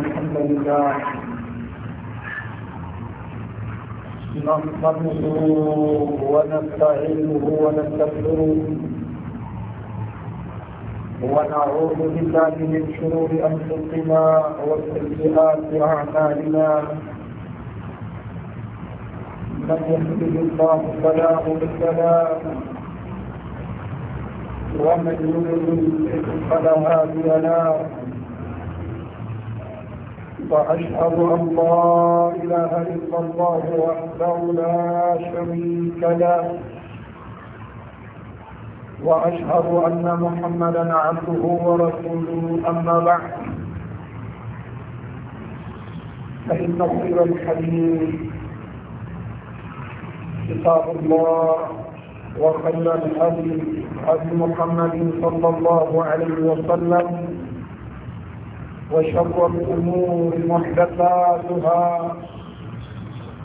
الحمد لله نحمده ونستعينه ونستغفره ونعوذ بالله من شرور انفسنا وسيئات اعمالنا من يهده الله فلا مضل له ومن يضلل فلا هادي له وأشهد أن لا إله إلا الله وحده لا شريك له وأشهد أن محمدا عبده ورسوله أما بعد فإن خير الحديث كتاب الله وخير الهدي حديث محمد صلى الله عليه وسلم وشر الأمور محدثاتها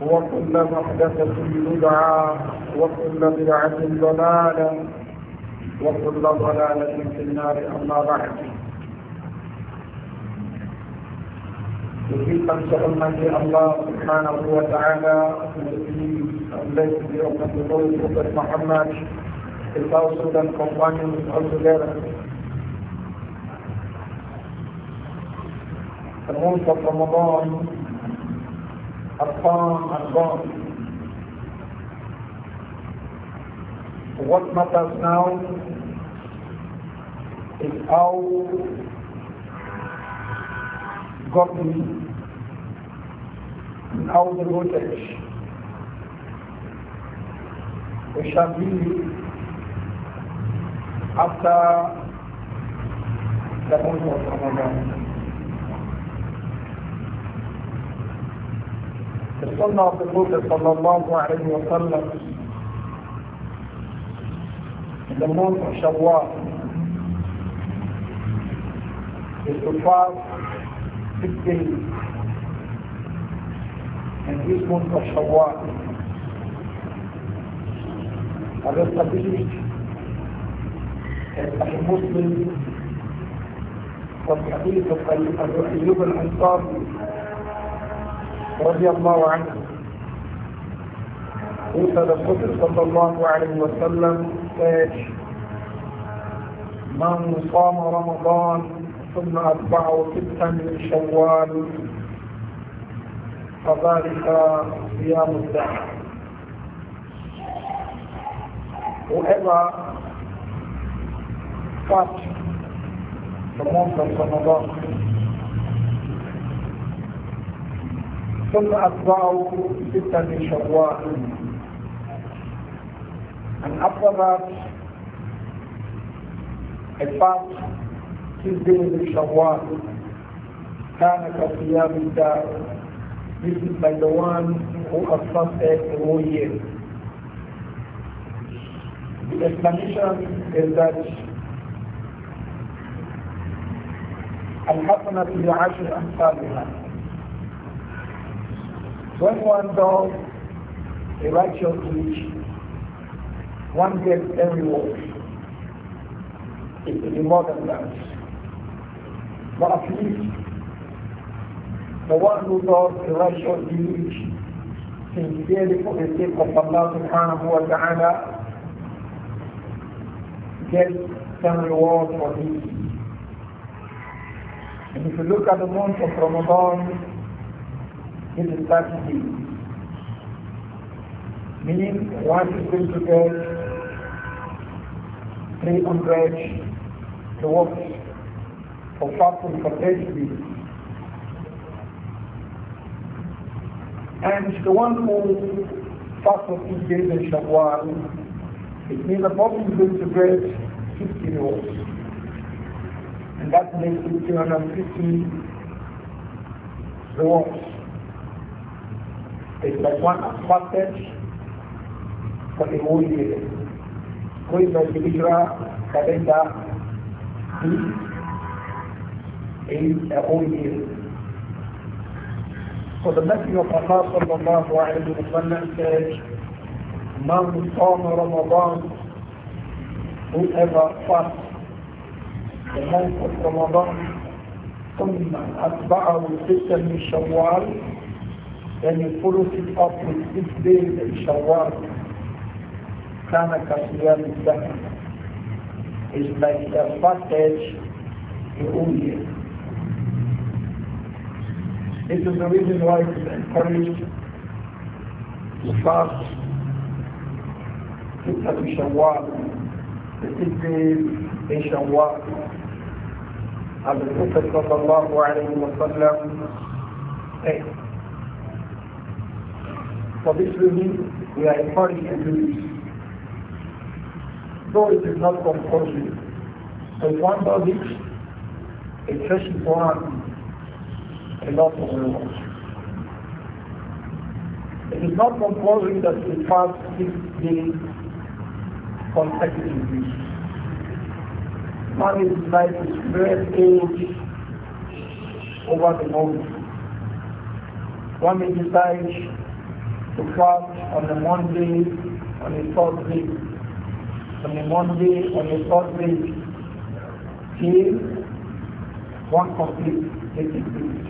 وكل محدثة بدعة وكل بدعة ضلالة وكل ضلالة في النار أما بعد وفيقا سألنا في الله سبحانه وتعالى الذي أملك بأمة قوله محمد الفاصل القرآن الأرض the month of Ramadan, upon and gone. What matters now is how godly and how devoted we shall be after the month of Ramadan. السنة في صلى الله عليه وسلم لموت شوال الكفار في يعني الدين من اسم الشوال هذا القديس يعني المسلم والحديث أيوب الأنصاري رضي الله عنه وصل القدر صلى الله عليه وسلم ايش؟ من صام رمضان ثم أتبعه ستا من شوال فذلك صيام الدهر وإذا فات في رمضان ثم أتبعه ستة من شوال And after that, I fast six كان كصيام الدار. This is like the one who has fasted the whole year. The explanation is that الحسنة بعشر أمثالها when one does a righteous deed, one gets a reward. It will be more than that. But at least the one who does a righteous deed sincerely for the sake of Allah subhanahu wa ta'ala gets some reward for it. And if you look at the month of Ramadan, this is Meaning one is going to get 300 towards for fasting for 30 And the one who fasts for 2 days in Shawwal, it means the person is going to get 50 rewards. And that makes it 250 rewards. is that one has fasted for a whole year. Going by the Hijra calendar, this is a whole year. So the Messenger of Allah sallallahu alayhi wa sallam says, Man saw Ramadan, whoever fasts the month of Ramadan ثم أتبعه ستا من شوال And he follows it up with six days in Shawwal. Kana Kasiyam Zakat. It's like a passage the whole year. This is the reason why it is encouraged to fast six days in Shawwal, the six days in Shawwal. And the Prophet sallallahu alayhi wa sallam said, for this reason, we are encouraged to do this. Though it is not compulsory, so if one does it, it stretches for a lot of rewards. It is not compulsory that we fast six days consecutively. Man is like to spread age over the moment. One may decide to fast on a Monday, on a Thursday, on a Monday, on a Thursday, till one completes 80 days.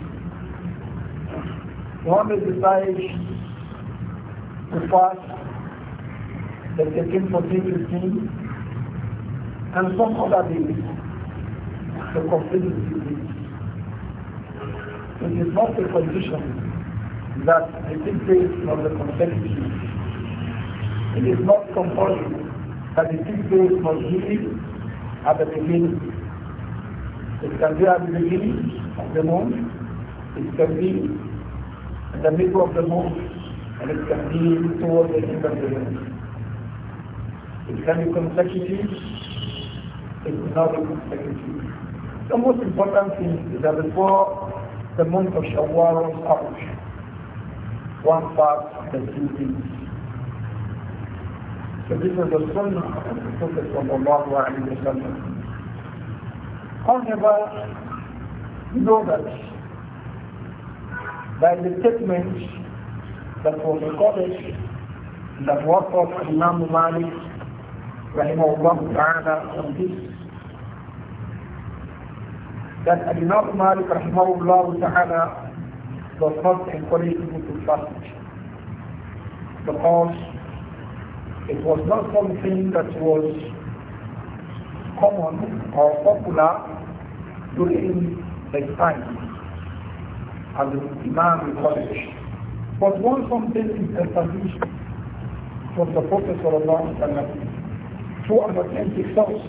One may decide to fast the 13, 14, 15, and some other days to complete 50 days. It is not a condition that it is based from the consensus. It is not compulsory that it is six days at the beginning. It can be at the beginning of the month, it can be in the middle of the month, and it can be towards the end of the month. It can be consecutive, it is not consecutive. The most important thing is that before the month of Shawwal runs out, one part that you did. So this is the sunnah of the Prophet sallallahu alayhi wa sallam. However, you know that by the statement that was recorded that was of Imam Malik rahimahullah ta'ala on this that Imam Malik rahimahullah ta'ala does not encourage people to fast because it was not something that was common or popular during his time as the Imam encouraged. But once something is established from the Prophet through an authentic source,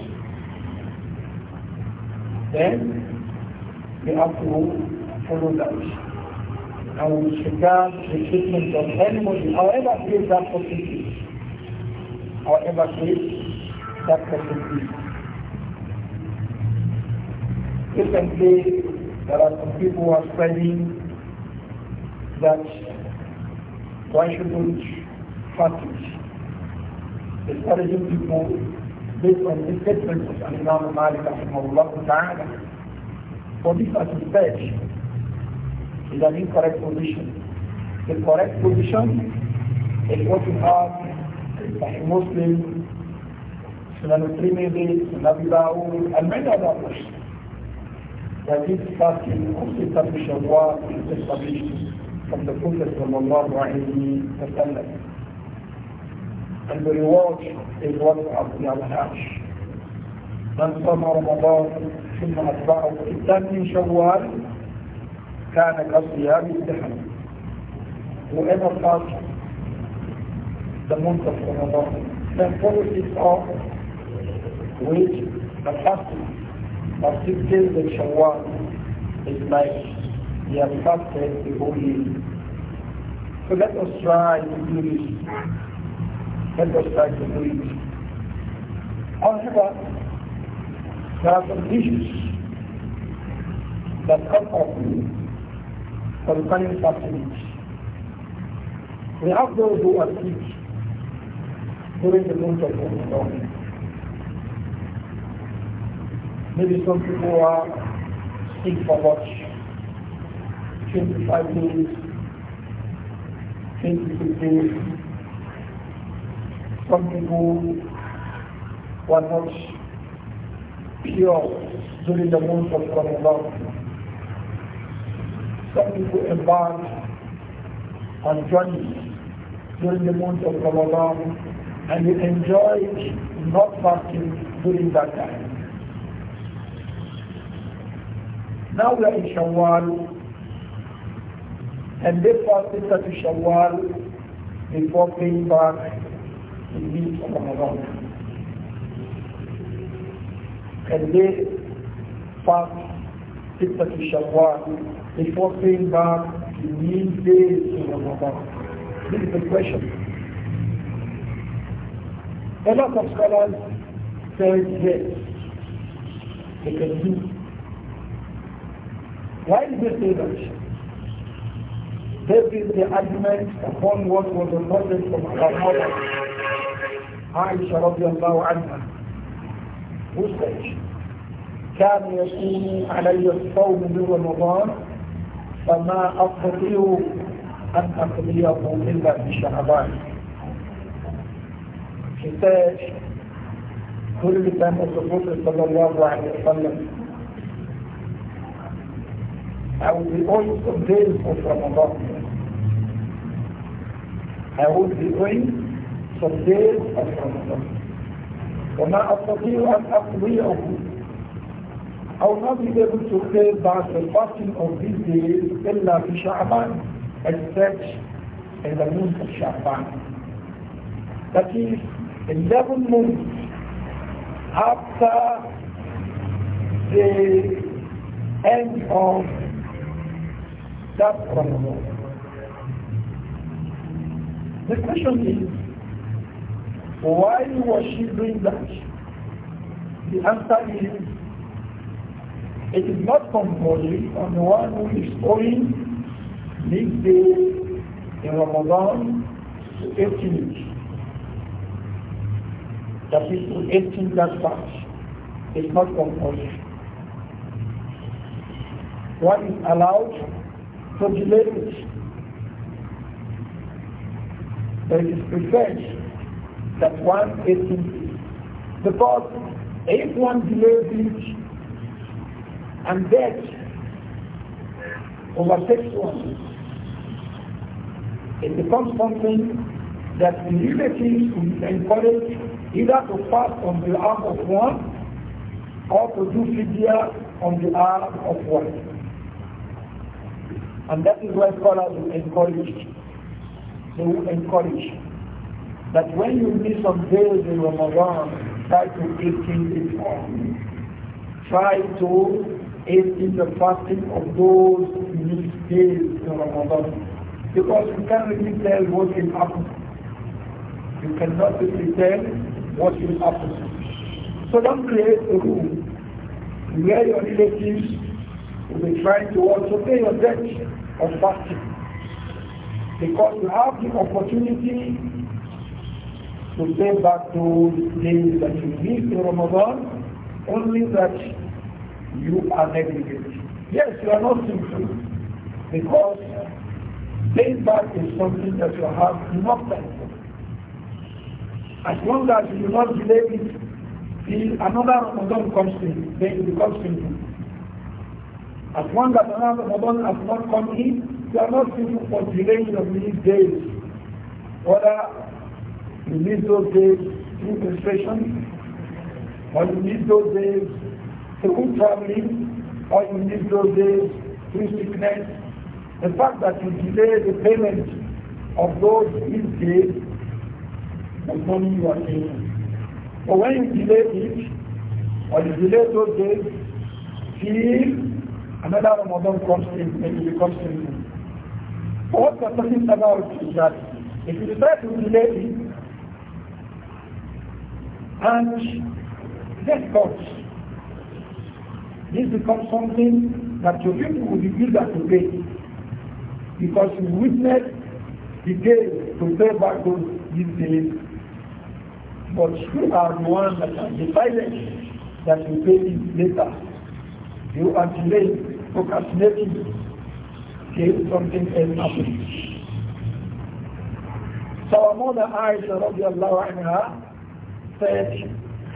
then we have to follow that and with regard the treatment of anybody, however great that person is, however great that person is. Recently, there are some people who are spreading that why shouldn't practice discouraging people based on the statements of Imam Malik Rahimahullah Ta'ala. For this as he said, is an incorrect position. The correct position is what you have Sahih Muslim, Sunan al-Trimidi, Sunan Dawud, and many other others. That is fasting of established Allah is established from the Prophet of alayhi in September, And the reward is what of the al-Hajj. من صام رمضان ثم أتبعه بستة من شوال كان كصيام الدهر whoever fasts the month of Ramadan then follows it up with the fasting of six days of Shawwal is like he has fasted the whole year. So let us try to do this. Let us try to do it. However, there are some issues that come up for returning patronage. We have those who are sick during the month of Ramadan. Maybe some people are sick for what? 25 days, 26 days. Some people were not pure during the month of Ramadan. Some people embark on journeys during the month of Ramadan and they enjoy not fasting during that time. Now we are in Shawwal and they fasted to Shawwal before paying back the month of Ramadan. And they fast ستة شوال before paying back the mean days in Ramadan? This is the question. A lot of scholars say yes, they can do. Why did they say that? They built the argument upon what was the reported from our mother, Aisha radiallahu anha, who said, كان يصوم علي الصوم برمضان فما أستطيع أن أقضيه إلا في شعبان كتاب كل كان الرسول صلى الله عليه وسلم أو بيقول قدام في رمضان أو بيقول قدام في رمضان وما أستطيع أن أقضيه I will not be able to say that the fasting of these days illa fi Sha'ban except in the month of Sha'ban. That is 11 months after the end of that Ramadan. The question is, why was she doing that? The answer is It is not compulsory on the one who is owing midday in Ramadan to 18 That is to 18 that fast. It's not compulsory. One is allowed to delay it. But it is preferred that one 18 because if one delays it and death overtakes one. It becomes something that relatives will encourage either to fast on behalf of one or to do fidya on behalf of one. And that is why scholars will encourage. They will encourage that when you miss some days in Ramadan, try to eat it on. Try to is in the fasting of those unique days in Ramadan. Because you can't really tell what will happen. You cannot really tell what will happen. So don't create a rule where your relatives will be trying to also pay your debt of fasting. Because you have the opportunity to pay back those days that you missed in Ramadan, only that you are negligent. Yes, you are not sinful because paying back is something that you have not done. As long as you do not delay it, another Ramadan comes in, then you become sinful. As long as another Ramadan has not come in, you are not sinful for delaying of these days. Whether you miss those days through frustration, or you miss those days through traveling or in these those days through sickness, the fact that you delay the payment of those these days, the money you are paying. But when you delay it, or you delay those days, till another Ramadan comes in, maybe becomes in. But what we're talking about is that if you decide to delay it, and let caught, this becomes something that your people will be eager to pay because you witness the day to pay back those these days. But you are the one that has decided that you pay it later. You are delayed, procrastinating till something else happens. So our mother Aisha radiallahu anha said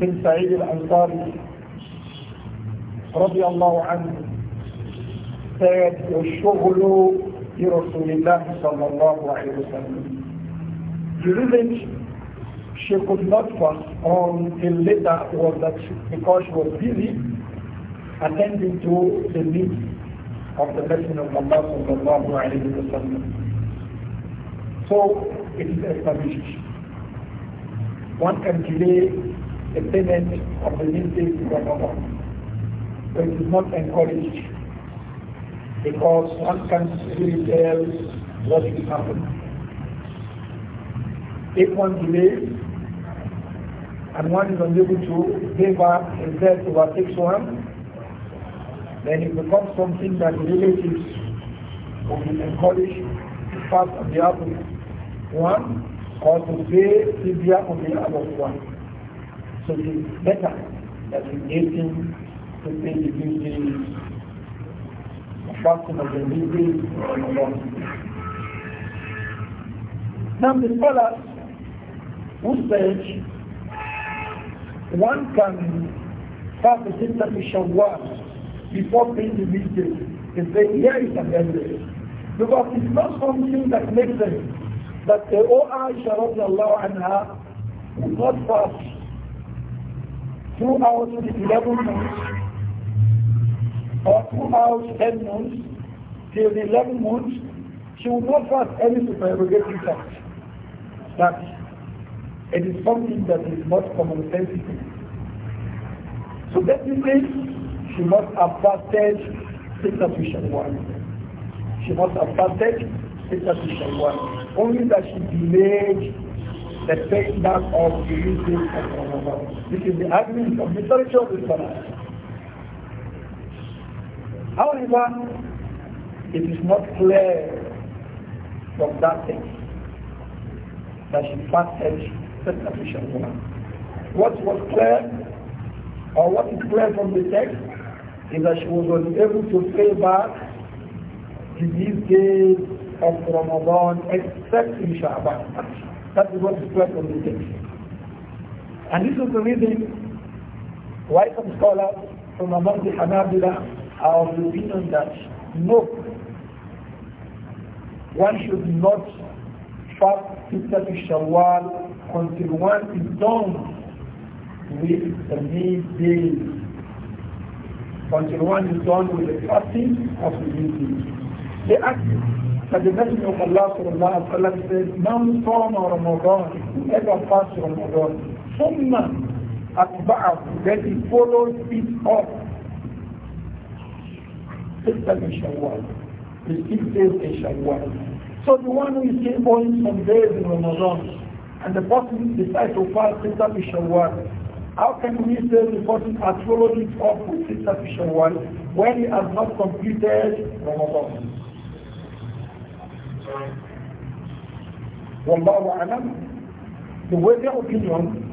بن سعيد الأنصاري رضي الله عنه said الشغل لرسول الله صلى الله عليه وسلم The reason she could not fast on the letter was that she, because she was busy attending to the needs of the Messenger of Allah sallallahu alayhi wa sallam. So it is established. One can delay the payment of the leases to another. But it is not encouraged because one can still tell what will happen. If one delays and one is unable to pay back and debt overtakes one, then it becomes something that the relatives will be encouraged to pass on behalf of one or to pay the behalf of the other one. So it is better that we get him to pay the duties, the of the duties and Allah. Now the scholars who said one can fast the intermission of before paying the duties. They say, here is an evidence. Because it's not something that makes sense but the O Aisha radiallahu anha would not pass throughout the 11 moons, or hours 10 months till the 11 months, she will not fast any supererogatory fast. That it is something that is not common sense. So definitely, she must have fasted six official one. She must have fasted six official one. Only that she delayed the setting back of the usage of Ramadan. This is the argument of majority of the However, it is not clear from that text that she fasted the official woman. What was clear, or what is clear from the text, is that she was unable to pay back the these days of Ramadan except in Sha'ban. That is what is said of the text. And this is the reason why some scholars from among the Hanabila are of the opinion that no, one should not fast Sittatu Shawwal until one is done with the midday until one is done with the fasting of the meeting. They ask that the Messenger of Allah sallallahu alayhi wa said, Man sauna Ramadan, ever fast Ramadan, summa atba'ahu, that he follows it up. Sitta in Shawwal. He still says in Shawwal. So the one who is still going some days in Ramadan, and the person decides to fast Sitta in Shawwal, how can we say the person has followed it up with Sitta in Shawwal when he has not completed Ramadan? Wallahu alam, the worthy opinion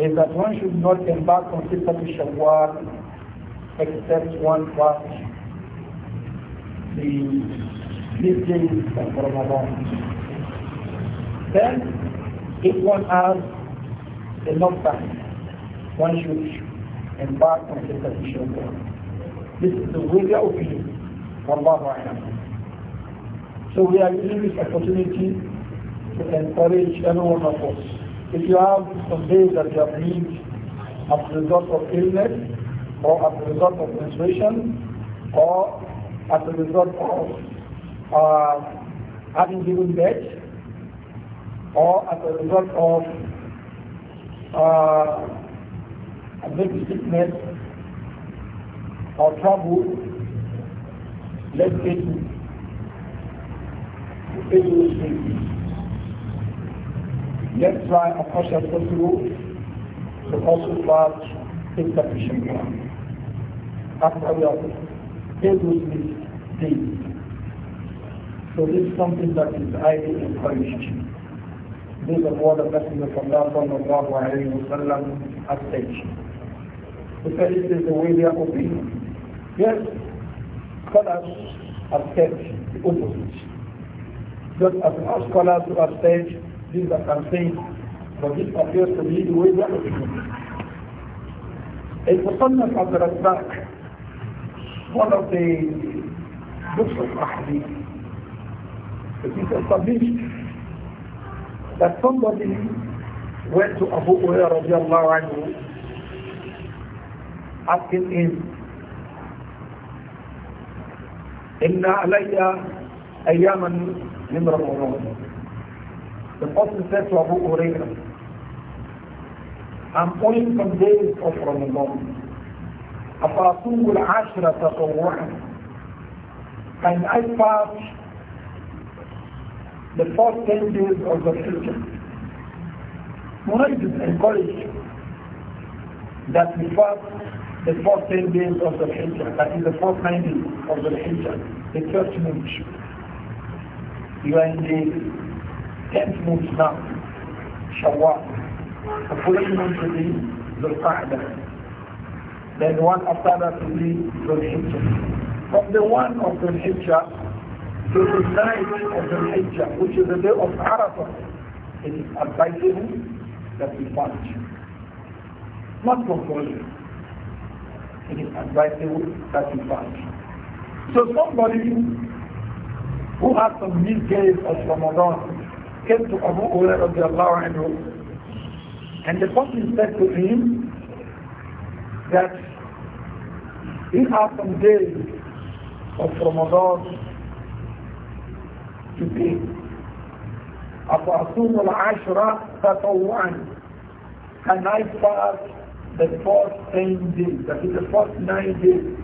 is that one should not embark on Sifatul Shawwal except one watch the fifteen of Ramadan. Then, if one has enough time, one should embark on Sifatul Shawwal. This is the way opinion. Wallahu alam. So we are using this opportunity to encourage everyone of us. If you have some days that you have need as a result of illness, or as a result of menstruation, or as a result of uh, having given birth, or as a result of uh, a big sickness or trouble, let's get pay those things. Let's try as much as possible to also After So this is something that is highly encouraged. This are what the Messenger of Allah sallallahu alayhi wa sallam has said. Because it is the way they are opinion. Yes, scholars have said the opposite. Just as our scholars who have said, these are campaigns, but this appears to be the way we are المصنف of الرزاق one of the books of Ahadith it is established that somebody went to Abu Hurairah radiallahu asking him إن علي أياما من رمضان The Prophet said to Abu Hurairah, I'm only from days of Ramadan. أفاصوم العشرة تطوعا and I fast the first ten days of the future? Muhammad is encouraged that we fast the first ten days of the future, that is the first ninety of the future, the first month. You are the 10th month now, Shawwal, the first month is the Qa'dah. Then one after that will is the Hijjah. From the one of the Hijjah to the night of the Hijjah, which is the day of Arafah, it is advisable that we fast. Not compulsory. It is advisable that we fast. So somebody who had some meal days of Ramadan, came to Abu Hurairah and the person said to him that he has some days of Ramadan to pay. أفأصوم العشرة تطوعا and I fast the first 10 days, that is the first 9 days,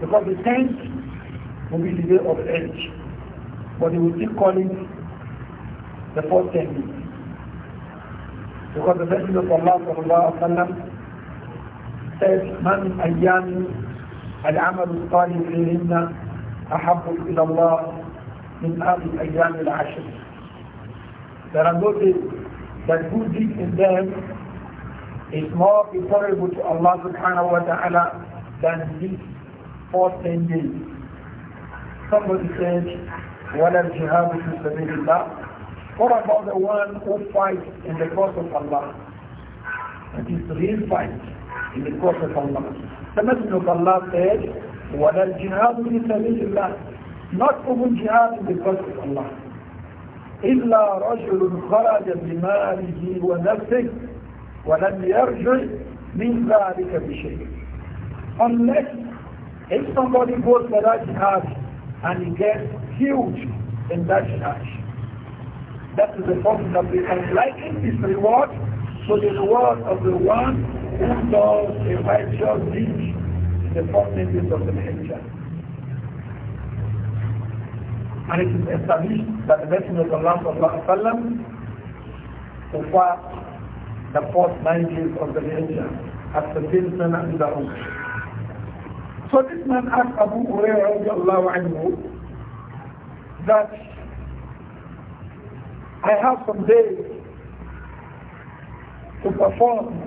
because the 10th will be the day of age. But he will still call it the fourth technique. Because the Messenger of Allah sallam, says, Man ayyami al-amal al-talib fihinna ahabbu ila Allah min al ayyam al-ashr. There are those that good deeds in them is more preferable to Allah subhanahu wa ta'ala than these four ten days. Somebody said, وَلَا الْجِهَادُ فِي سَبِيلِ اللَّهِ What about the one who fights in the cause of Allah? That is real fight in the cause of Allah. The Messenger of Allah said, وَلَا الْجِهَادُ فِي سَبِيلِ اللَّهِ Not even jihad in the cause of Allah. إِلَّا رَجُلٌ خَرَجَ بِمَالِهِ وَنَفْسِهِ وَلَمْ يَرْجُعْ مِنْ ذَلِكَ بِشَيْءٍ Unless if somebody goes for that jihad and he gets huge in that church. That is the form that we can liken this reward to the reward of the one who does a righteous deed in the fortnight of the Hijjah. And it is established that the Messenger of Allah sallallahu alaihi wasallam to fast the first nine days of the Hijjah as the Bill Sana and the Ummah. So this man asked Abu Hurairah anhu that I have some days to perform.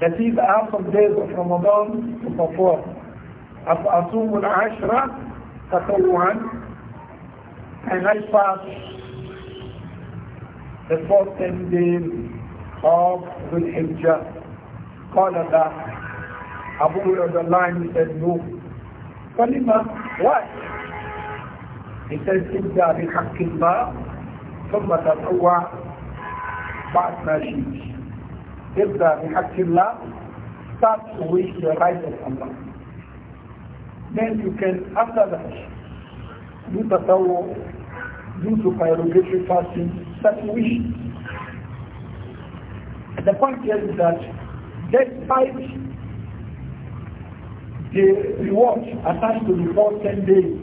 That is, I have some days of Ramadan to perform. أصوم العشرة تطوعا and I pass the first 10 days of Dhul Hijjah. قال ذا Abu Hurairah he said, no. Kalima, what? He said, Ibda bi haqqillah, thumma tatawwa ba'atna sheesh. Ibda bi haqqillah, start to wish the right of Allah. Then you can, after that, do tatawwa, do to pyrogatory fasting, start to wish. The point here is that despite the reward attached to the first 10 days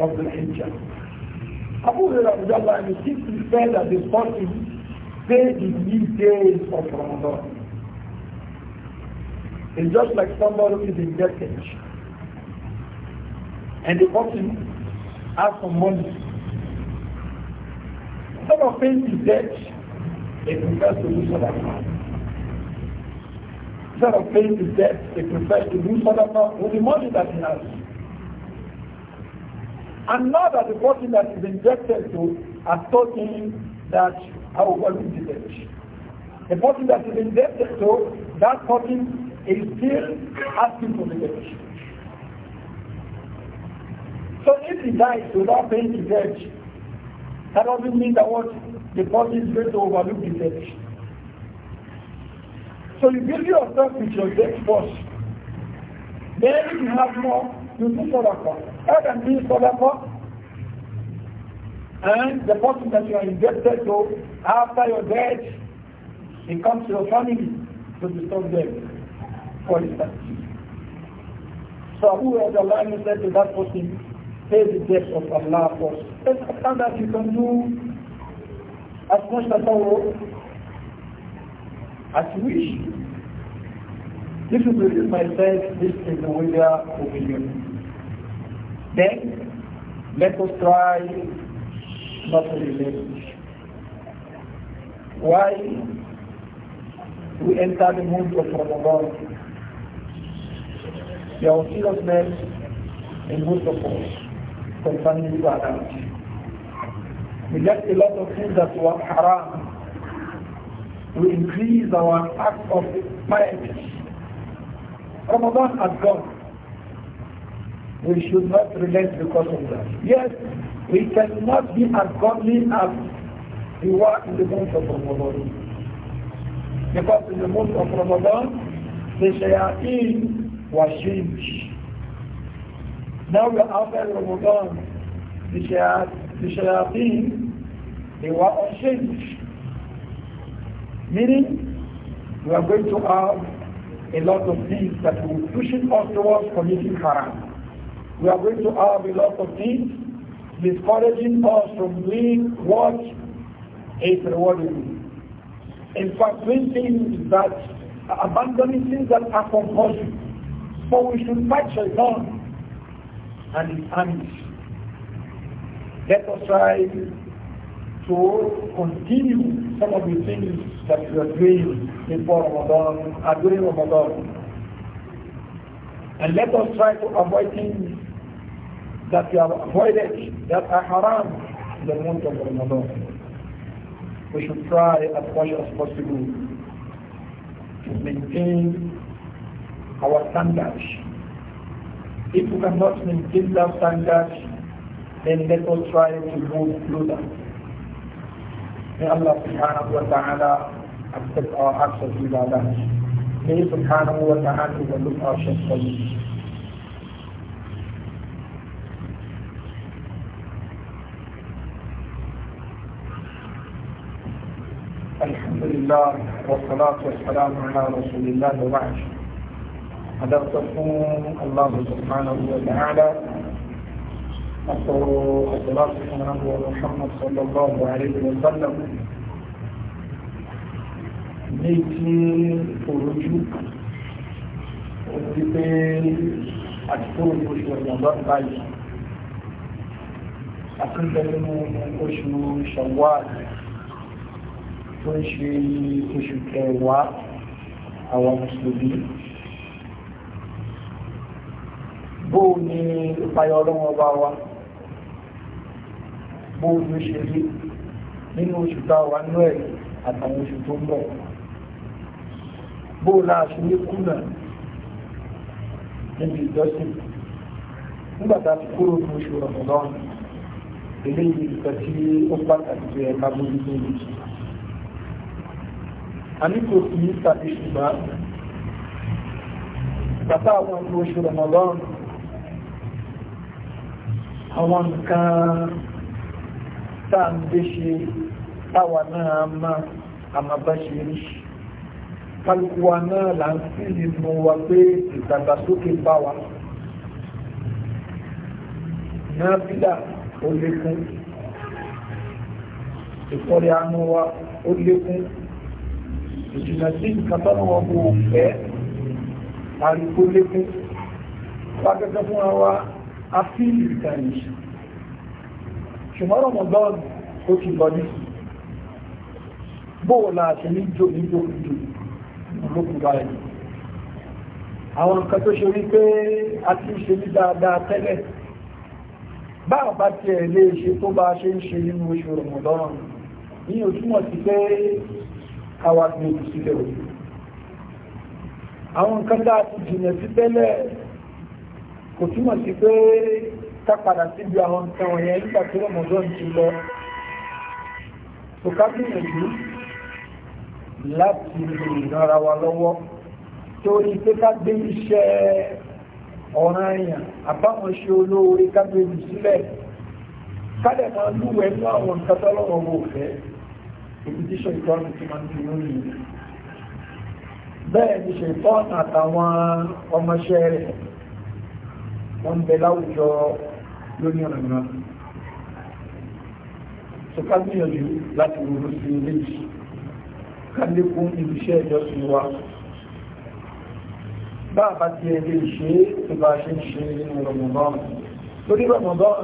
of the Hijjah. Abu Hurairah seems to say that this person paid the three days of Ramadan. It's just like somebody who is debt, And the person has some money. Some of them his debt, they prefers to do so that Instead of paying the debt, he prefers to do sadaqah with the money that he has. And now that the person that is indebted to has told him that I will always debt. The person that is indebted to, that person is still asking for the debt. So if he dies without paying the debt, that doesn't mean that what the person is going to overlook the debt. So you build yourself with your debt first. Then if you have more, you do sadaqah. That can do sadaqah. And the person that you are indebted to, after your death, he comes to your family to disturb them. For instance. So Abu Radallahu said to that person, pay the debt of Allah first. That's that you can do as much as possible as you This is within myself, this is the Willa opinion. Then, let us try not to relate. Why we enter the month of Ramadan? There are seriousness in most of us concerning Ibadah. We get a lot of things that were haram we increase our act of piety. Ramadan has gone. We should not relent because of that. Yes, we cannot be as godly as we were in the month of Ramadan. Because in the month of Ramadan, the shayateen was changed. Now we are after Ramadan, the shayateen, they were unchanged. Meaning, we are going to have a lot of things that will push us towards committing haram. We are going to have a lot of things discouraging us from doing what is rewarding. In fact, doing things that abandoning things that are compulsory. But we should fight Shaitan and his armies. Let us try to continue some of the things that you are doing before Ramadan and during Ramadan. And let us try to avoid things that we have avoided that are haram in the month of Ramadan. We should try as much as possible to maintain our standards. If we cannot maintain that standard, then let us try to move further. may Allah subhanahu wa ta'ala accept our acts of ibadah. May subhanahu wa ta'ala overlook our shortcomings. الحمد لله والصلاة والسلام على رسول الله وبعد هذا الله سبحانه وتعالى أصدر الصلاة على محمد صلى الله عليه وسلم ní tí òrojú òtí pé àtìkò oṣù ọ̀gbọ̀n báyìí àtúntẹ̀lẹ́nu oṣù Ṣawwal tó ń ṣe oṣù kẹwàá àwọn mùsùlùmí bóò ni ìpayọ̀ ọlọ́wọ́ bá wa bóòlù ṣe rí nínú oṣù tá a wà nú ẹ̀ àtàwọn oṣù tó ń bọ̀ bóòlù àṣírí kùnà níbi ìjọsìn nígbà tá a ti kúrò ní oṣù Ramadan eléyìí nǹkan tí ó pàtàkì tó yẹ ká bójú tó yẹ a ní kò sí tàbí ṣùgbọ́n bàtà àwọn ọmọ oṣù Ramadan àwọn nǹkan tá à ń gbé ṣe táwa náà máa àmàbá ṣe rí kálukú wa náà là ń sí nínú wa pé ìdàgbàsókè bá wa náà bílà ó lékún ìkọrẹ àánú wa ó lékún ìjìnà sí nǹkan wọn kò fẹ́ àríkó lékún wá fún wa wá a fi ìtàn yìí ṣùgbọ́n Ramadan ó ti lọ ní bóò la ṣe ní jò ní jòkújò lókùn báyìí àwọn nǹkan tó ṣe rí pé a ti ṣe ní dáadáa tẹ́lẹ̀ bá àbá ti ẹ̀ lè ṣe tó bá ṣe ń ṣe nínú oṣù Ramadan ní òtúmọ̀ sí pé káwà ní ìsílẹ̀ òjò àwọn nǹkan tá ti jìnà sí tẹ́lẹ̀ kò túmọ̀ sí pé ká padà síbi àwọn nǹkan wọ̀nyẹn nígbà tí rọmọdún ti lọ tó ká gbìyànjú láti ìrànra wa lọ́wọ́ torí pé ká gbé iṣẹ́ ọ̀ràn èèyàn àbáwọn ṣe olóore ká gbé jù sílẹ̀ ká dẹ̀ máa lúwẹ̀ẹ́ nú àwọn nǹkan tọ́lọ́wọ́ wò fẹ́ ibi tí ṣètọ́nù ti máa ń dúró nìyí bẹ́ẹ̀ ni ṣètọ́nù àtàwọn ọmọṣẹ́ rẹ̀ wọ́n ń bẹ láwùjọ lónìí ọ̀nà mìíràn so ká gbìyànjú láti ronú sí eléyìí ká lékún ibiṣẹ́ ìjọsìn wa bá a bá ti ẹgbẹ́ ìṣe tó bá ṣe ń ṣe nínú Ramadan lórí Ramadan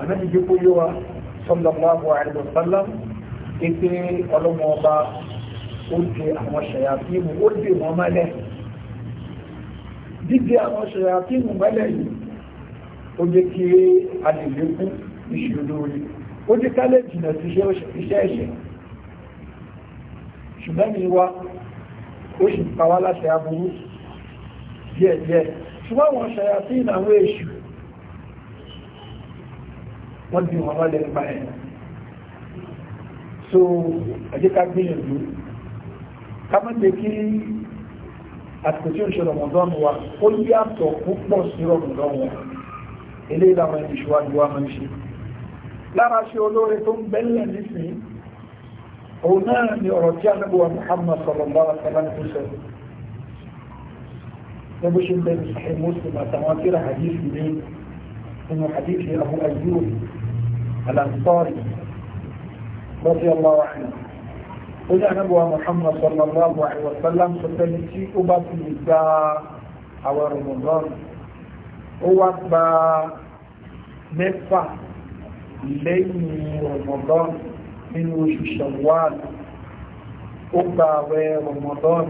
anábìjẹ́ kó yé wa sallallahu alaihi wa sallam kékeré ọlọ́mọ ọba ó de àwọn ṣẹ̀yà fíìmù ó de wọn mọ́lẹ̀ dídí àwọn ṣẹ̀rẹ̀ àti ìmọ̀lẹ̀ yìí ó jẹ́ kí a lè lékún ìṣòro orí ó jẹ́ ká lè jìnà sí iṣẹ́ ẹ̀ṣẹ̀ ṣùgbọ́n ní wa ó sì pàwá láṣẹ aburú díẹ̀díẹ̀ ṣùgbọ́n àwọn ṣẹ̀rẹ̀ àti ìnáwó èṣù wọ́n bí wọn lọ́lẹ̀ nípa ẹ̀ so àjẹ́ká gbìyànjú ká mọ́ àti tí ó ṣe rọmọdán wa ó yàtọ̀ púpọ̀ sí rọmọdán wa eléyìí làwọn ẹni ìṣíwájú wa máa ń ṣe lára ṣe olóore tó ń bẹ́lẹ̀ nísìnyí òun náà ni ọ̀rọ̀ tí a nígbà Muhammad sallallahu alaihi wasallam ṣe ń bẹ ní Sahih Muslim àtàwọn tíra hadithi ní inú hadithi Abu Ayyub al-Ansari radiyallahu anhu ó ní anábọ̀wá Muhammad sallallahu alaihi wa sallam sọ pẹ́ni tí ó bá fi lè gba àwọn Ramadan ó wá gba mẹ́fà lẹ́yìn Ramadan nínú oṣù Shawwal ó gba àwẹ̀ Ramadan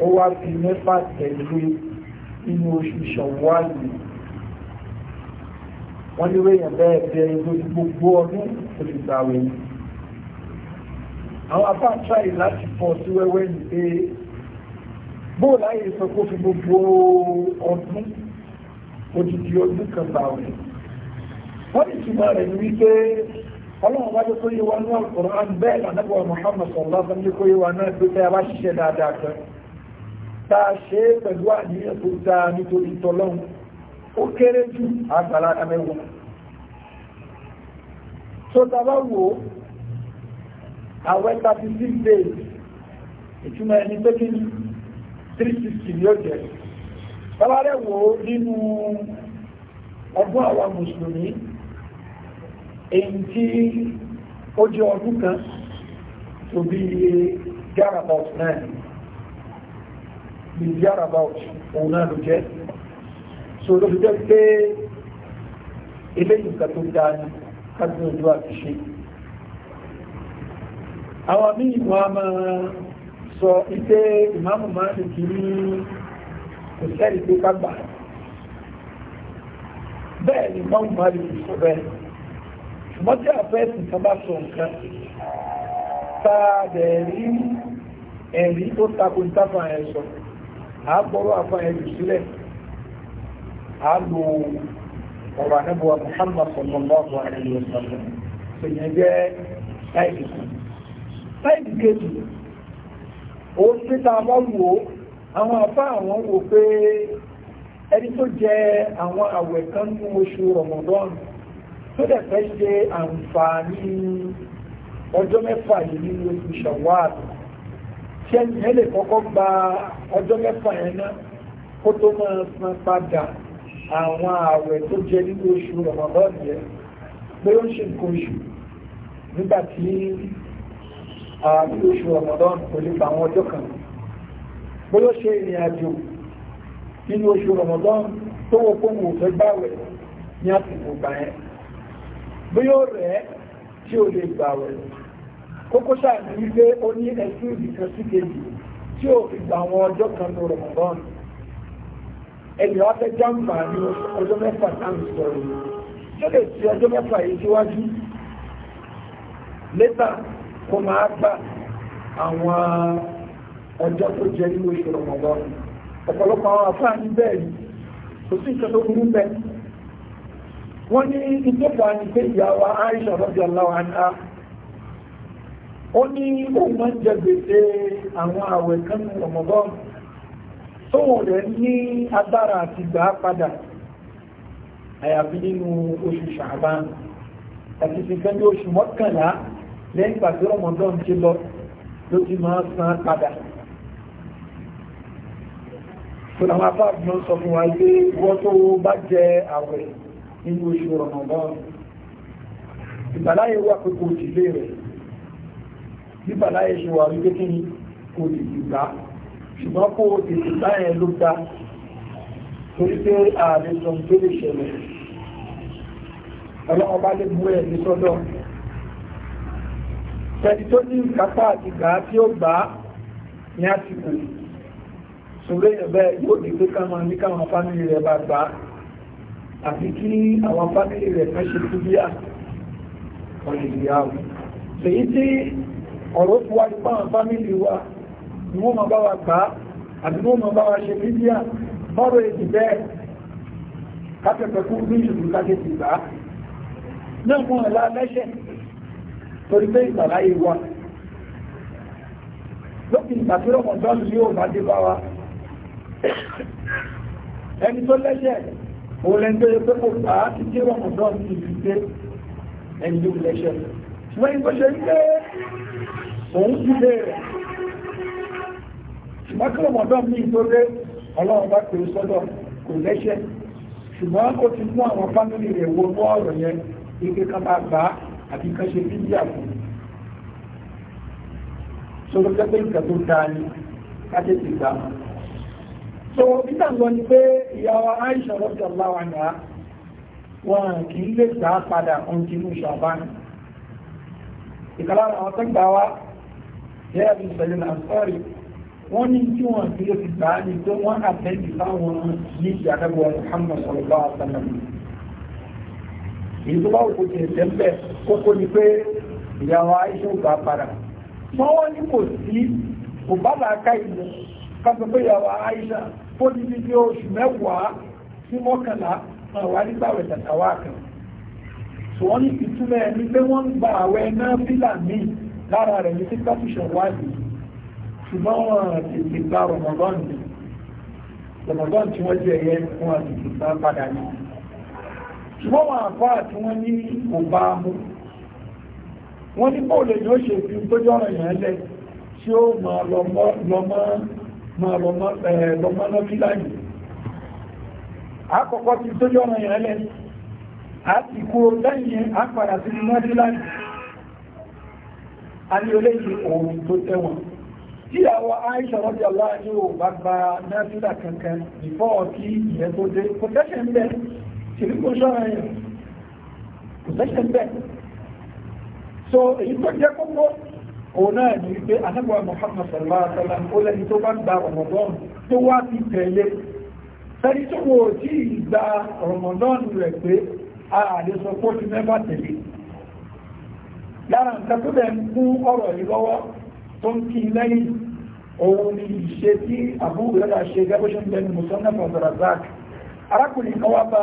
ó wá fi mẹ́fà tẹ̀lé nínú oṣù Shawwal wọ́n ní wéyàn bẹ́ẹ̀ bẹ́ẹ̀ gbogbo ọdún olùgbàwẹ̀ yìí àwọn apá try láti pọ̀ sí wẹ́wẹ́ ní pé bóòlù ayé sọ kó fi gbogbo ọdún odidi ọdún kan bá wẹ̀ wọ́n ti túmọ̀ rẹ̀ ní wípé ọlọ́run wájú tó yé wa ní Al-Qur'an bẹ́ẹ̀ lànàbọ̀ Muhammad sallallahu alaihi wasallam kó yé wa náà pé tẹ́ a bá ṣiṣẹ́ dáadáa kan tá a ṣe é pẹ̀lú àníyàn tó dáa nítorí tọ́lọ́run ó kéré jù àgbàlá mẹ́wàá tó tá a bá wò ó àwẹ̀ thirty six days ìtumọ̀ ẹni pé kí three sixty ni ó jẹ́ tọ́lárẹ̀ wò ó nínú ọdún àwa mùsùlùmí èyí tí ó jẹ́ ọdún kan tó bí garabout náà bí garabout òun náà ló jẹ́ so ló fi jẹ́ pé ilé ìgbà tó dáa ní kájú ojú àti ṣe àwọn míì wọ́n a máa sọ ipé ìmáàmù Málíkì ní kò sẹ́rì pé kágbà bẹ́ẹ̀ ni ìmáàmù Málíkì sọ bẹ́ẹ̀ ṣùgbọ́n tí àfẹ́sì kan bá sọ nǹkan tá a dẹ̀ rí ẹ̀rí tó takò ìtafà ẹ̀ sọ àgbọ̀rọ̀ àfà ẹ̀rù sílẹ̀ àlò ọ̀rọ̀ ànẹ́bùwà Muhammad sallallahu alaihi wasallam ṣèyẹn jẹ́ láìsí sáìdì kejì ó ti ta bá wò ó àwọn afá àwọn wò pé ẹni tó jẹ àwọn àwẹ̀ kan ní oṣù Ramadan tó dẹ̀ fẹ́ ṣe àǹfààní ọjọ́ mẹ́fà yìí nínú oṣù Shawwal tí ẹni yẹn lè kọ́kọ́ gba ọjọ́ mẹ́fà yẹn náà kó tó máa san padà àwọn ààwẹ̀ tó jẹ nínú oṣù Ramadan yẹn pé ó ń ṣe nǹkan oṣù nígbà tí àbí oṣù Ramadan kò lè gba àwọn ọjọ́ kan bóyá ṣe ìrìn àjò nínú oṣù Ramadan tó wọ́n kó mú fẹ́ gbáwẹ̀ ní àsìkò gbà yẹn bóyá rẹ̀ tí ó lè gbàwẹ̀ kókó ṣáàdì wípé ó ní ẹ̀sùn ìdìkan sí kejì tí ó fi gba àwọn ọjọ́ kan ní Ramadan ẹni wá fẹ́ jàǹfà ní ọjọ́ mẹ́fà táwọn sọ̀rọ̀ yìí tí ó lè ti ọjọ́ mẹ́fà yìí síwájú kó máa gbà àwọn ọjọ́ tó jẹ nínú oṣù Ramadan ọ̀pọ̀lọpọ̀ àwọn àfáà ní bẹ́ẹ̀ ni kò sí ìṣẹ́ tó burú bẹ́ẹ̀ wọ́n ní ìjọba ni pé ìyàwó Aisha radiyallahu anha ó ní òun máa ń jẹ gbèsè àwọn àwẹ̀ kan ní Ramadan tóun rẹ̀ ní agbára àti gbà padà àyàfi nínú oṣù Sha'ban àti ti ní oṣù mọ́kànlá lẹ́yìn ìgbà tí rọmọdún ti lọ ló ti máa san padà tó làwọn afáàbùnà sọ fún wa pé wọ́n tó bá jẹ àwẹ̀ nínú oṣù rọmọdún ìgbàláyé wà pé kò dìlé rẹ̀ ìgbàláyé ṣe wà wípé kí ni kò dìlé gbà ṣùgbọ́n kó dìlé gbà yẹn ló gbà torí pé ààrẹ sọ tó lè ṣẹlẹ̀ ọlọ́mọba lè mú ẹ̀ ní sọ́dọ̀ tẹni tó ní ìkápá àti gbà á tí ó gbà á ní àsìkò ṣùgbọ́n èèyàn bẹ́ẹ̀ yóò ní pé ká máa ní káwọn fámìlì rẹ̀ bá gbà á àti kí àwọn fámìlì rẹ̀ fẹ́ ṣe kú bí ọ̀lẹ̀lẹ̀yàwó èyí tí ọ̀rọ̀ fún wa nípa àwọn fámìlì wa ni wọ́n máa bá wa gbà á àti wọ́n máa bá wa ṣe bí bí ọ̀rọ̀ èdè bẹ́ẹ̀ kápẹ̀pẹ̀ kú bí ìṣòro kájẹ́ gbà náà mú ọ̀la lẹ́ṣẹ̀ẹ́ torí pé ìgbàláyé wa lókè ìgbà tí rọmọdán ní yóò bá dé bá wa ẹni tó lẹ́ṣẹ̀ òun lẹ́ni tó yẹ pé kò bá ti dé rọmọdán ní ìlú dé ẹni tó lẹ́ṣẹ̀ ṣùgbọ́n ní kò ṣe ń pé òun ti dé rẹ̀ ṣùgbọ́n kí rọmọdán ní ìtòdé ọlọ́run bá pè é sọ́dọ̀ kò lẹ́ṣẹ̀ ṣùgbọ́n ó ti mú àwọn fámìlì rẹ̀ wo mọ́ ọ̀rọ̀ yẹn ike kan bá gbà àti kan ṣe fídíà fún sọ́dọ̀ jẹ́ pé nǹkan tó dáa ni káṣẹ́ ti gbà so peter ń lọ ni pé ìyàwó Aisha rọ́jọ́ láwọn àná wọn kì í lè gbà padà ohun tí inú ṣàbán ìkàlára àwọn tó gbà wá jẹ́ àbí ìṣẹ̀lẹ̀ náà sọ́ọ̀rì wọ́n ní tí wọ́n ti lè gbà ní pé wọ́n àtẹ́jì fáwọn ní ìyàtọ̀gbọ̀ Muhammad sallallahu alaihi wasallam èyí tó bá òkú ti ẹ̀sẹ̀ ń bẹ̀ kókó ni pé ìyàwó aṣẹ́ ògbà padà mọ́ wọ́n ní kò sí kò bá làákà ìlú kásán pé ìyàwó aṣẹ́ ó ní ní bí oṣù mẹ́wàá sí mọ́kànlá àwọn arígbàwẹ̀ tàtàwà kan tí wọ́n ní ìtumọ̀ ẹni pé wọ́n ń gba àwẹ̀ náà fílà míì lára rẹ̀ ní síkàtúṣàn wádìí ṣùgbọ́n wọn tètè gba rọmọgán tí wọ́n jẹ́ ẹ̀yẹ fún àtìkù bá padà yìí ṣùgbọ́n wọn àfáà tí wọ́n ní kò bá mú wọ́n ní bóòlè yóò ṣe fi tó jọ́rọ̀ yẹn lẹ̀ tí ó máa lọ́mọ́ náà fi láyé àkọ́kọ́ ti tó jọ́rọ̀ yẹn lẹ̀ a ti kó lẹ́yìn àpàdà sí náà fi láyé a ní olóyìn òun tó tẹ́wọ̀n tí àwọn Aisha rọ́bí aláàrin tìrí kò ṣọ́ra yẹn kò sẹ́ṣẹ̀ so èyí tó jẹ́ kókó òun náà ní pé Muhammad sallallahu alaihi wa sallam ó lẹ́ni tó bá ń Ramadan tó wá ti tẹ̀lé sẹ́ni tó wò tí ì Ramadan rẹ̀ pé a lè sọ pé ó ti mẹ́fà tẹ̀lé lára nǹkan tó bẹ̀ ń mú ọ̀rọ̀ yìí lọ́wọ́ tó ń kí lẹ́yìn òun ni ìṣe tí àbúrò rẹ̀ ṣe gẹ́gẹ́ bó ṣe ń bẹnu mùsọ́nà fọ̀sọ̀rọ̀ zak arákùnrin kan wá bá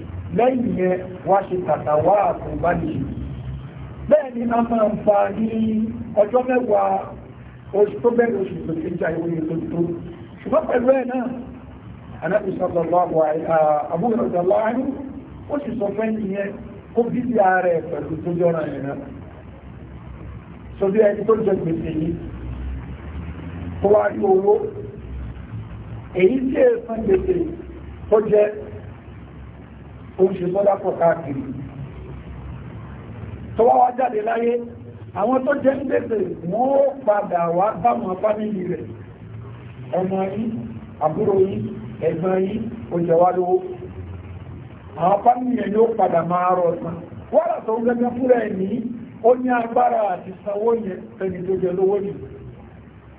lẹ́yìn yẹn wá ṣe tàtà wá àpò bá lè ṣe bẹ́ẹ̀ ni a máa ń fa ní ọjọ́ mẹ́wàá oṣù tó bẹ̀rẹ̀ oṣù tó ti jà ìwé ètò tó ṣùgbọ́n pẹ̀lú ẹ̀ náà anábì sọ̀rọ̀ lọ́wọ́ àbúrò ọ̀dọ̀ láàrín ó sì sọ fẹ́ nìyẹn kó bí sí ààrẹ pẹ̀lú tó jọra ẹ̀ náà sọ bí ẹni tó jẹ gbèsè yìí tó wá rí owó èyí tí ó ń ṣe sọ́dá pọ̀ káàkiri tó wá wá jáde láyé àwọn tó jẹ́ ń gbèsè wọ́n padà wá báwọn fámìlì rẹ̀ ọmọ yìí àbúrò yìí ẹ̀gbọ́n yìí ó jẹ wá lówó àwọn fámìlì rẹ̀ yóò padà máa rọ̀ ọ̀sán wọ́n rà tó ń gẹ́gẹ́ fúnra ẹ̀ ní ó ní agbára àti sanwó yẹn fẹ́ni tó jẹ lówó yìí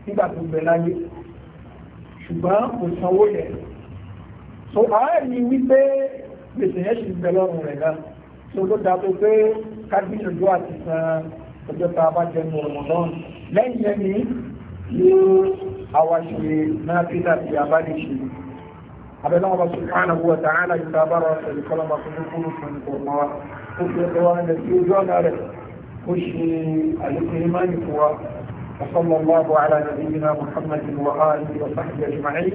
nígbà tó bẹ̀ láyé ṣùgbọ́n kò sanwó yẹn so ààrẹ wípé gbèsè yẹn sì ń bẹ lọ́rùn rẹ̀ náà tó tó pé kábíyànjú àti san ọjọ́ tá a bá jẹnu Ramadan lẹ́yìn ẹni yóò àwa ṣe náà fi láti àbá lè ṣe abẹ́lẹ́ wọn subhanahu wa ta'ala yóò dáa bára ọ̀sẹ̀ ìkọlọ́ máa fún kúrò fún ìkọ̀ mọ́ wa ó fi ọjọ́ wa nílẹ̀ sí ojú ọ̀nà rẹ̀ ó ṣe àlékún imáyì fún wa وصلى الله على نبينا محمد وآله وصحبه أجمعين